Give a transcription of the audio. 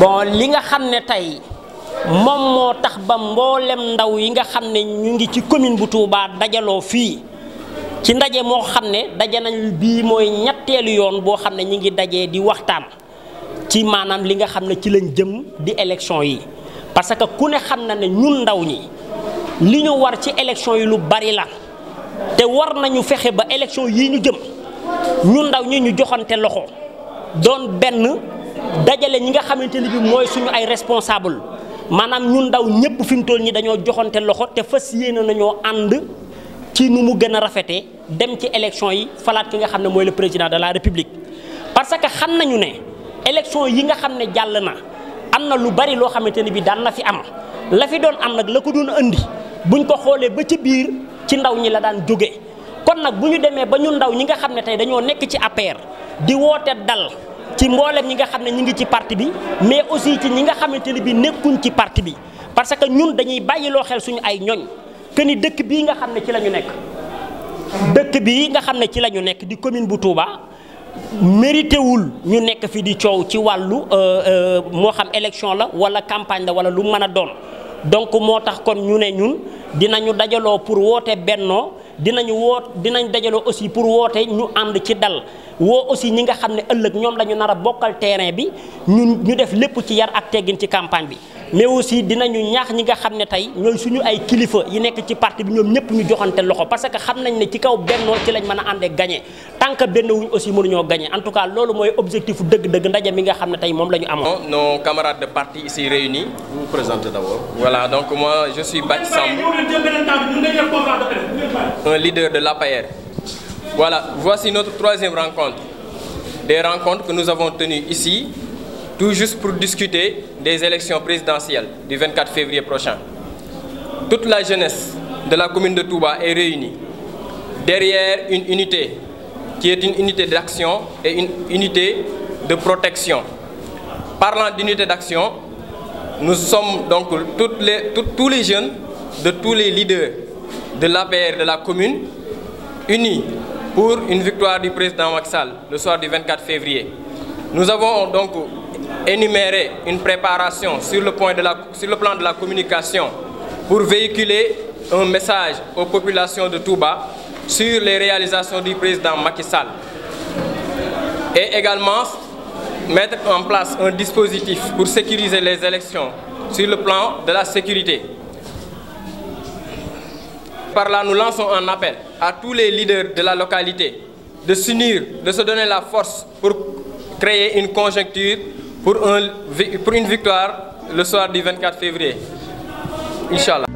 bon li nga xam ne tey moom moo tax ba mboolem ndaw yi nga xam ne ñu ngi ci commune bu Touba dajaloo fii ci ndaje moo xam ne daje nañ bii mooy ñetteelu yoon boo xam ne ñu ngi dajee di waxtaan ci maanaam li nga xam ne ci lañ jëm di élection yi parce que ku ne xam na ne ñun ndaw ñi li ñu war ci élection yi lu bari la te war nañu fexe ba élection yi ñu jëm ñu ndaw ñi ñu joxante loxo doon benn. dajale ñi nga xamante ni bi mooy suñu ay responsable maanaam ñun ndaw ñëpp fi mu toll ñi dañoo joxante loxo te fas yéene nañoo ànd ci nu mu gën a rafetee dem ci élection yi falaat ki nga xam ne mooy la président de la république parce que xam nañu ne élection yi nga xam ne jàll na am na lu bari loo xamante ne bi daan na fi am la fi doon am nag la ko doon indi bu ñu ko xoolee ba ci biir ci ndaw ñi la daan jóge kon nag bu ñu demee ba ñu ndaw ñi nga xam ne tey dañoo nekk ci APR di woote dal ci mboolem ñi nga xam ne ñu ngi ci parti bi mais aussi ci ñi nga xamante ne bi nekkuñ ci parti bi parce que ñun dañuy bàyyiloo xel suñu ay ñoñ que ni dëkk bii nga xam ne ci lañu nekk dëkk bii nga xam ne ci la nekk di commune bu Touba mérité wul ñu nekk fi di coow ci wàllu euh, euh, moo xam élection la wala campagne la wala lu mën a doon donc moo tax kon ñu ne ñun dinañu dajaloo pour woote bennoo dinañu woo dinañ dajaloo aussi pour woote ñu ànd ci dal woo aussi ñi nga xam ne ëllëg ñoom la ñu nar a bokkal terrain bi ñun ñu def lépp ci yar ak teggin ci campagne bi. mais aussi dinañu ñaax ñi nga xam ne tey suñu ay kilifa yi nekk ci parti bi ñoom ñëpp ñu joxante loxo parce que xam nañ ne ci kaw bennoo lañ mën a àndee gagné tant que benn wuñ aussi mënuñoo gagné tout cas loolu mooy objectif dëgg-dëgg ndaje mi nga xam ne tey moom lañu ñu amoon. nos camarades parti ici réunis. vous vous présentez voilà donc moi je suis Bathie Samb. un leader de l'APR. Voilà, voici notre troisième rencontre. Des rencontres que nous avons tenues ici, tout juste pour discuter des élections présidentielles du 24 février prochain. Toute la jeunesse de la commune de Touba est réunie derrière une unité qui est une unité d'action et une unité de protection. Parlant d'unité d'action, nous sommes donc tous les jeunes de tous les leaders de l'APR de la commune, unis pour une victoire du président Sall le soir du 24 février. Nous avons donc énuméré une préparation sur le, point de la, sur le plan de la communication pour véhiculer un message aux populations de Touba sur les réalisations du président Macky Sall et également mettre en place un dispositif pour sécuriser les élections sur le plan de la sécurité par là, nous lançons un appel à tous les leaders de la localité de s'unir, de se donner la force pour créer une conjoncture pour, pour une victoire le soir du 24 février. Inch'Allah.